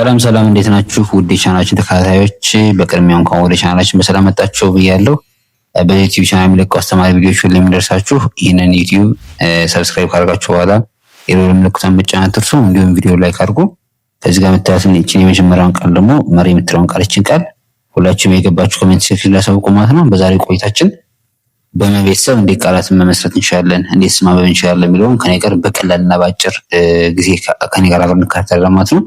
ሰላም ሰላም፣ እንዴት ናችሁ? ውድ ቻናላችን ተከታታዮች በቅድሚያ እንኳን ወደ ቻናላችን በሰላም መጣችሁ ብያለሁ። በዩቲዩብ ቻናል የሚለቀው አስተማሪ ቪዲዮች ሁሉ የሚደርሳችሁ ይህንን ዩቲዩብ ሰብስክራይብ ካደርጋችሁ በኋላ የሮል ምልክቷን መጫን አትርሱ። እንዲሁም ቪዲዮ ላይ አድርጉ። ከዚህ ጋር የምታዩትን ይችን የመጀመሪያውን ቃል ደግሞ መሪ የምትለውን ቃል ይችን ቃል ሁላችሁም የገባችሁ ኮሜንት ሴክሽን ላሳውቁ ማለት ነው። በዛሬ ቆይታችን በመቤተሰብ እንዴት ቃላትን መመስረት እንችላለን፣ እንዴት ስማበብ እንችላለን የሚለውን ከኔ ጋር በቀላልና በአጭር ጊዜ ከኔ ጋር አብረን እንካተላለን ማለት ነው።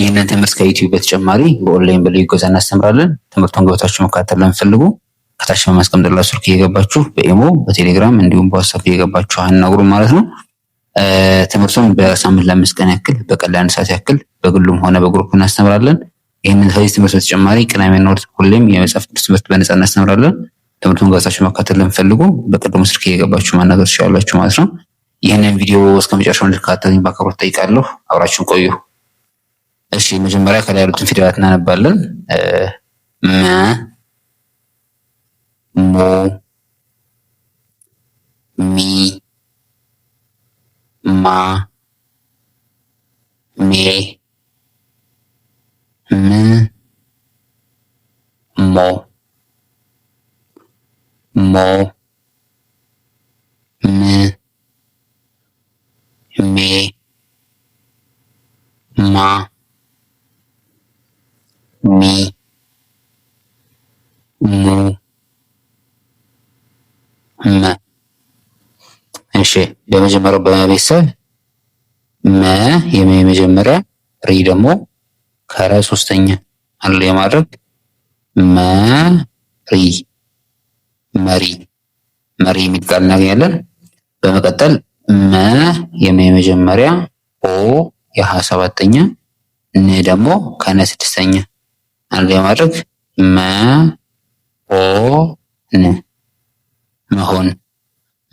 ይህንን ትምህርት ከዩቲዩብ በተጨማሪ በኦንላይን በልዩ ገዛ እናስተምራለን። ትምህርቱን ገብታችሁ መካተል ለምፈልጉ ከታች በማስቀምጥላ ስልክ እየገባችሁ በኢሞ በቴሌግራም እንዲሁም በዋትሳፕ እየገባችሁ አናግሩ ማለት ነው። ትምህርቱን በሳምንት ለአምስት ቀን ያክል በቀን ሰዓት ያክል በግሉም ሆነ በግሩፕ እናስተምራለን። ይህንን ከዚህ ትምህርት በተጨማሪ ቅዳሜና ኖር ሁሌም የመጽሐፍ ቅዱስ ትምህርት በነጻ እናስተምራለን። ትምህርቱን ገብታችሁ መካተል ለምፈልጉ በቅድሙ ስልክ እየገባችሁ ማናገር ትችላላችሁ ማለት ነው። ይህንን ቪዲዮ እስከመጨረሻው እንድትከታተሉኝ በአክብሮት ጠይቃለሁ። አብራችሁን ቆዩ። እሺ መጀመሪያ ከላይ ያሉትን ፊደላት እናነባለን። መ ሙ ሚ ማ ሜ ም ሞ ሞ ም ሜ ማ ሚ ሙ መ። እሺ የመጀመሪያው በመቤተሰብ መ የመጀመሪያ ሪ ደግሞ ከረ ሶስተኛ አንድ ላይ ማድረግ መሪ መሪ መሪ የሚል ቃል እናገኛለን። በመቀጠል መ የመጀመሪያ ኦ የሀ ሰባተኛ ን ደግሞ ከነ ስድስተኛ አድርጌ ማድረግ መሆን መሆን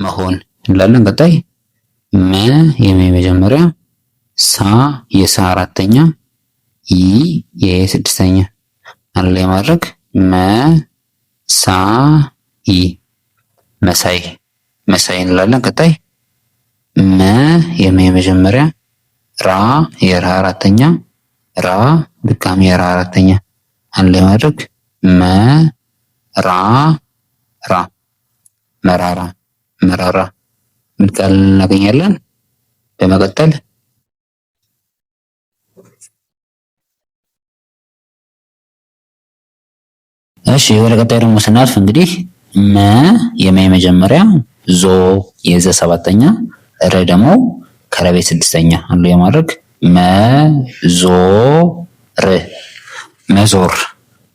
መሆን እንላለን። ቀጣይ መ የመጀመሪያ ሳ የሳ አራተኛ ይ የስድስተኛ አንድ ላይ ማድረግ መሳይ መሳይ መሳይ እንላለን። ቀጣይ መ የመጀመሪያ ራ የራ አራተኛ ራ ድጋሚ የራ አራተኛ አንድ ላይ ማድረግ መራራ መራራ መራራ ምን ቃል እናገኛለን? በመቀጠል እሺ ወደ ቀጣይ ደግሞ ስናልፍ እንግዲህ መ የመ የመጀመሪያ ዞ የዘ ሰባተኛ ረ ደግሞ ከረቤት ስድስተኛ አንዱ የማድረግ መ ዞ ር መዞር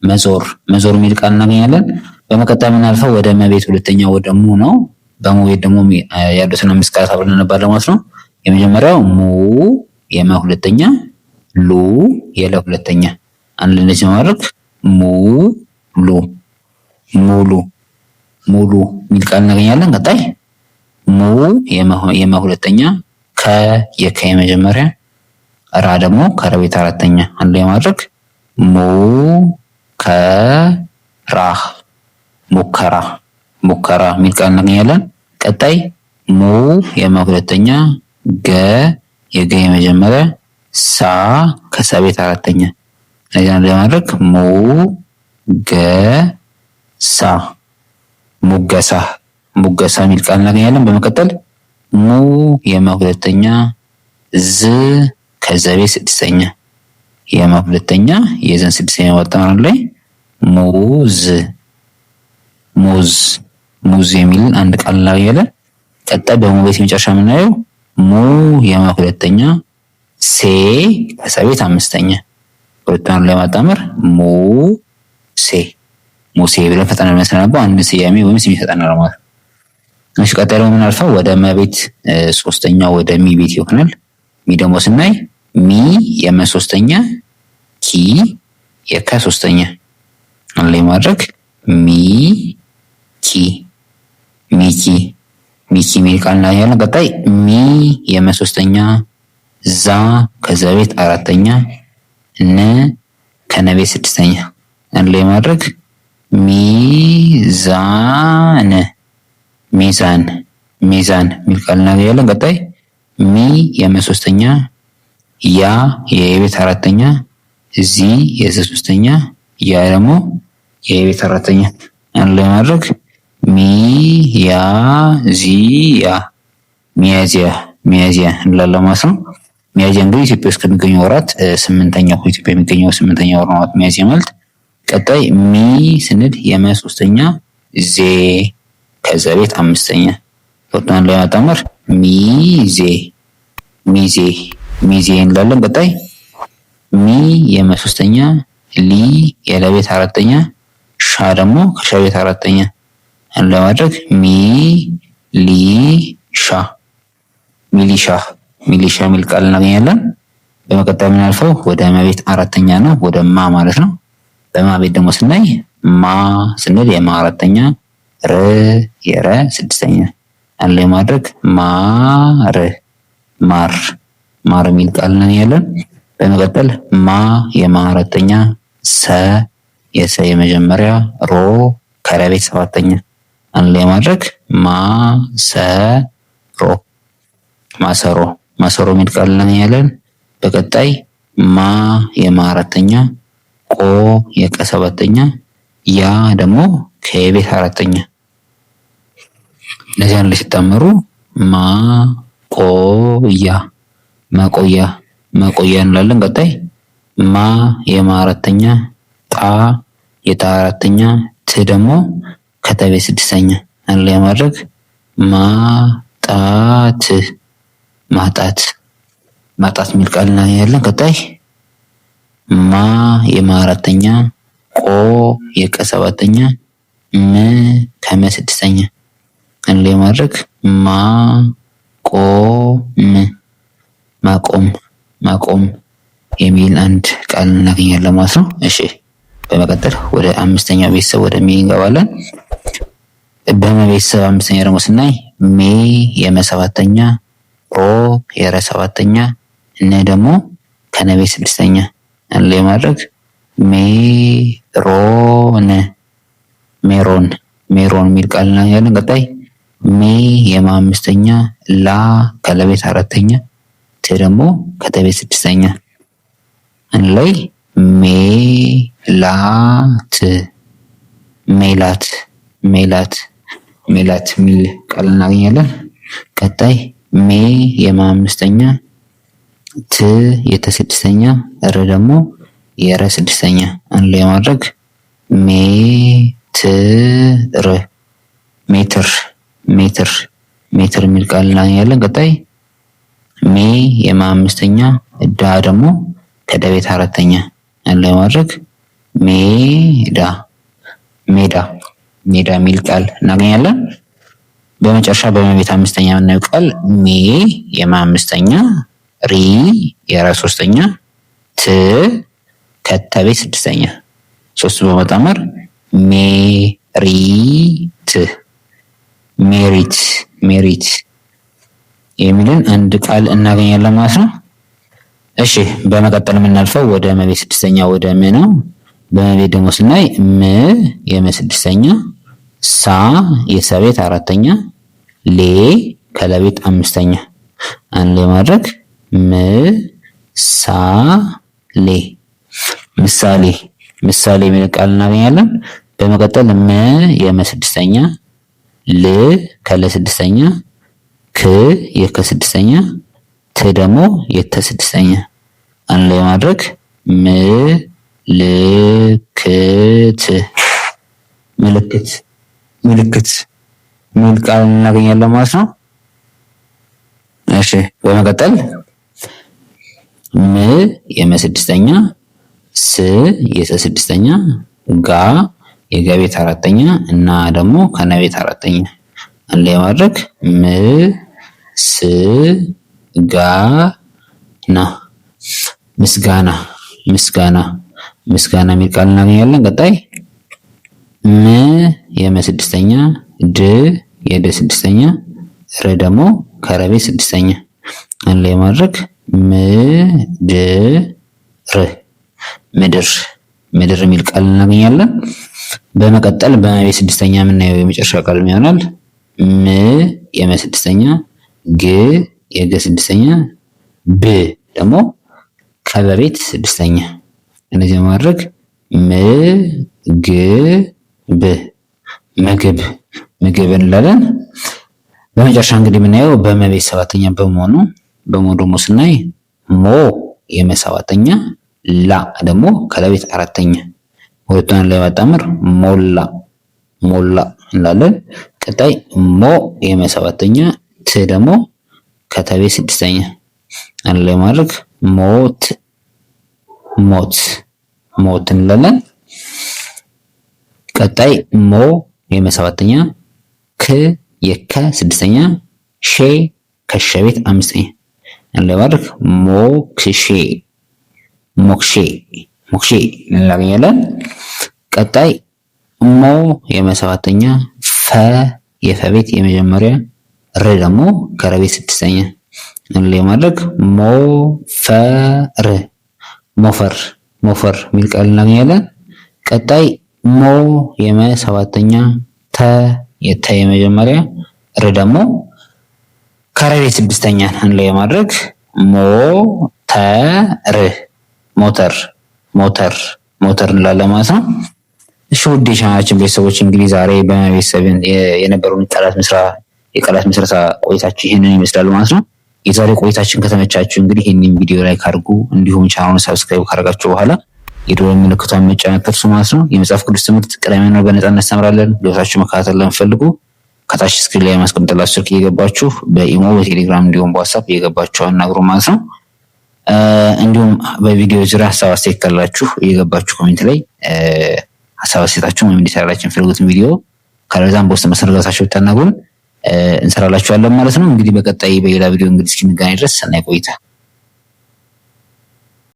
መዞር መዞር የሚል ቃል እናገኛለን። በመቀጠል የምናልፈው ወደ መቤት ሁለተኛ ወደ ሙ ነው። በሙቤት ደግሞ ያሉትን አምስት ቃላት አብረን እናነባለን ማለት ነው። የመጀመሪያው ሙ የመ ሁለተኛ፣ ሉ የለ ሁለተኛ፣ አንድ እንደዚህ ማድረግ ሙ ሉ ሙሉ ሙሉ የሚል ቃል እናገኛለን። ቀጣይ ሙ የመ ሁለተኛ፣ ከ የከ የመጀመሪያ፣ ራ ደግሞ ከረቤት አራተኛ አንድ ላይ ማድረግ ሙከራ ሙከራ ሙከራ የሚል ቃል እናገኛለን። ቀጣይ ሙ የመሁለተኛ ገ የገ የመጀመሪያ፣ ሳ ከሳ ቤት አራተኛ። ለማድረግ ሙ ገ ሳ ሙገሳ ሙገሳ የሚል ቃል እናገኛለን። በመቀጠል ሙ ዝ ስድስተኛ የማ ሁለተኛ የዘን ስድስተኛ ወጣን ላይ ሙዝ ሙዝ ሙዝ የሚልን አንድ ቃል እናገኛለን። ቀጣይ በሙቤት የመጨረሻ የምናየው ሙ የማ ሁለተኛ ሴ ከሰቤት አምስተኛ ሁለቱን ማጣመር ሙ ሴ ሙሴ ብለን ፈጠና የሚያሰናበው አንድ ስያሜ ወይም ስም ይሰጠናል ማለት ነው። እሺ ቀጣይ ደግሞ የምናልፈው ወደ መቤት ሶስተኛ ወደ ሚ ቤት ይሆናል። ሚ ደግሞ ስናይ ሚ የመሶስተኛ ኪ የከሶስተኛ አንድ ማድረግ ሚ ኪ ሚኪ ሚኪ ሚል ቃል እናያለን። ቀጣይ ሚ የመሶስተኛ ዛ ከዛ ቤት አራተኛ ነ ከነቤት ስድስተኛ አንድ ላይ ማድረግ ሚዛን ሚዛን ሚዛን ሚል ቃል እናገኛለን። ቀጣይ ሚ የመሶስተኛ ያ የቤት አራተኛ እዚ የዘ ሶስተኛ ያ ደግሞ የቤት አራተኛ አንድ ላይ ማድረግ ሚ ያ ዚ ያ ሚያዚያ ሚያዚያ እንላለን ማለት ነው። ሚያዚያ እንግዲህ ኢትዮጵያ ውስጥ ከሚገኙ ወራት ስምንተኛው ኢትዮጵያ የሚገኘው ስምንተኛ ወር ነው ሚያዚያ ማለት። ቀጣይ ሚ ስንል የመ ሶስተኛ ዜ ከዛ ቤት አምስተኛ ሁለቱን ላይ ማጣመር ሚዜ ሚዜ ሚዜ እንላለን። ቀጣይ ሚ የመ ሊ የለቤት አራተኛ፣ ሻ ደግሞ ከሻቤት አራተኛ ለማድረግ ሚ ሊ ሻ ሚሊሻ ሚሊሻ ሚል ቃል እናገኛለን። በመቀጠል የምናልፈው ወደ ማ አራተኛ ነው፣ ወደ ማ ማለት ነው። በማቤት ቤት ደግሞ ስናይ ማ ስንል የማ አራተኛ፣ ር የረ ስድስተኛ አለ ማድረግ ማር ማር ማር የሚል ቃል ነን ያለን። በመቀጠል ማ የማ አራተኛ፣ ሰ የሰ የመጀመሪያ፣ ሮ ከረቤት ሰባተኛ አንድ ላይ ማድረግ ማ ሰ ሮ ማሰሮ ማሰሮ የሚል ቃል ነን ያለን። በቀጣይ ማ የማ አራተኛ፣ ቆ የቀ ሰባተኛ፣ ያ ደግሞ ከቤት አራተኛ እነዚህ አንድ ላይ ሲጣመሩ ማ ቆ ያ መቆያ መቆያ እንላለን። ቀጣይ ማ የማራተኛ ጣ የጣ ት ደግሞ ከተቤ ስድስተኛ አለ ማድረግ ማጣት ማጣት ማጣት የሚል ቃል እናያለን። ቀጣይ ማ የማራተኛ ቆ የቀሰባተኛ ም ከመ ስድስተኛ አለ ማድረግ ማ ቆ ም ማቆም ማቆም የሚል አንድ ቃል እናገኛለን ማለት ነው። እሺ በመቀጠል ወደ አምስተኛው ቤተሰብ ወደ ሜ እንገባለን። በመቤተሰብ አምስተኛ ደግሞ ስናይ ሜ የመሰባተኛ ሮ የረሰባተኛ እነ ደግሞ ከነቤ ስድስተኛ አንድ ላይ ሜሮን ሜሮን ሜሮን የሚል ቃል እናገኛለን። ቀጣይ ሜ የማምስተኛ ላ ከለቤት አራተኛ ደግሞ ከተቤት ስድስተኛ አንድ ላይ ሜላት ሜላት ሜላት ሜላት የሚል ቃል እናገኛለን። ቀጣይ ሜ የማምስተኛ ት የተስድስተኛ ር ደግሞ የረ ስድስተኛ አንድ ላይ ማድረግ ሜትር ሜትር ሜትር ሜትር የሚል ቃል እናገኛለን። ቀጣይ ሜ የማ አምስተኛ ዳ ደግሞ ከደቤት አራተኛ ያለ ማድረግ ሜዳ ሜዳ ሜዳ የሚል ቃል እናገኛለን። በመጨረሻ በመቤት አምስተኛ የምናየው ቃል ሜ የማ አምስተኛ ሪ የራ ሶስተኛ ት ከተቤት ስድስተኛ ሶስቱ በመጣመር ሜሪት ሜሪት ሜሪት የሚልን አንድ ቃል እናገኛለን ማለት ነው። እሺ በመቀጠል የምናልፈው ወደ መቤት ስድስተኛ ወደ ም ነው። በመቤት ደግሞ ስናይ ም የመ ስድስተኛ፣ ሳ የሰቤት አራተኛ፣ ሌ ከለቤት አምስተኛ አንድ ላይ ማድረግ ም ሳ ሌ ምሳሌ ምሳሌ የሚል ቃል እናገኛለን። በመቀጠል ም የመ ስድስተኛ፣ ል ከለ ስድስተኛ ክ የከስድስተኛ ት ደግሞ የተስድስተኛ አንድ ላይ ማድረግ ምልክት ምልክት ምልክት ሚል ቃል እናገኛለን ማለት ነው። እሺ በመቀጠል ም የመስድስተኛ ስ የተስድስተኛ ጋ የገቤት አራተኛ እና ደግሞ ከነቤት አራተኛ አንድ ላይ ማድረግ ምስጋና ምስጋና ምስጋና ምስጋና የሚል ቃል እናገኛለን። ቀጣይ ም የመ ስድስተኛ፣ ድ የደ ስድስተኛ፣ ረ ደግሞ ከረቤ ስድስተኛ አንድ ላይ ማድረግ ምድር ምድር ምድር የሚል ቃል እናገኛለን። በመቀጠል በመቤት ስድስተኛ የምናየው የመጨረሻ ቃል ይሆናል። ም የመ ስድስተኛ ግ የገ ስድስተኛ ብ ደግሞ ከበቤት ስድስተኛ እነዚህ ማድረግ ም ግ ብ ምግብ ምግብ እንላለን። በመጨረሻ እንግዲህ የምናየው በመቤት ሰባተኛ በመሆኑ በሞ ደግሞ ስናይ ሞ የመሰባተኛ ላ ደግሞ ከለቤት አራተኛ ሁለቱን ላይ ሞላ ሞላ እንላለን። ቀጣይ ሞ የመ ሰባተኛ ት ደግሞ ከተቤ ስድስተኛ አንድ ላይ ማድረግ ሞት ሞት ሞት እንላለን። ቀጣይ ሞ የመ ሰባተኛ ክ የከ ስድስተኛ ሼ ከሸ ቤት አምስተኛ አንድ ላይ ማድረግ ሞክሼ ሞክሼ ሞክሼ እንላገኛለን። ቀጣይ ሞ የመ ሰባተኛ የፈቤት የመጀመሪያ ር ደግሞ ከረቤት ስድስተኛ ምን ማድረግ ሞፈር ሞፈር ሞፈር የሚል ቃል እናገኛለን። ቀጣይ ሞ የመ ሰባተኛ ተ የተ የመጀመሪያ ር ደግሞ ከረቤት ስድስተኛ አንድ ላይ ማድረግ ሞተር ሞተር ሞተር ሞተር እንላለን ማለት ነው። እሺ ውድ የቻናላችን ቤተሰቦች እንግዲህ ዛሬ በቤተሰብን የነበሩን ቃላት ምስራ የቃላት ምስረሳ ቆይታችን ይህንን ይመስላሉ ማለት ነው። የዛሬ ቆይታችን ከተመቻችሁ እንግዲህ ይህንን ቪዲዮ ላይ ካርጉ እንዲሁም ቻናሉን ሰብስክራይብ ካደረጋችሁ በኋላ የደወል ምልክቷን መጫን አትርሱ ማለት ነው። የመጽሐፍ ቅዱስ ትምህርት ነው በነጻ እናስተምራለን። ገብታችሁ መከታተል ለምፈልጉ ከታች ስክሪን ላይ ማስቀምጥላችሁ ስልክ እየገባችሁ በኢሞ በቴሌግራም እንዲሁም በዋትሳፕ እየገባችሁ አናግሩ ማለት ነው። እንዲሁም በቪዲዮ ዙሪያ ሀሳብ አስተያየት ካላችሁ እየገባችሁ ኮሜንት ላይ ሀሳብ አስተያየታችሁን ወይም እንዲሰራላችሁ የሚፈልጉትን ቪዲዮ ካለዛም በውስጥ መስመር ገብታችሁ ብታናግሩን እንሰራላችኋለን ማለት ነው። እንግዲህ በቀጣይ በሌላ ቪዲዮ እንግዲህ እስክንገናኝ ድረስ ሰናይ ቆይታ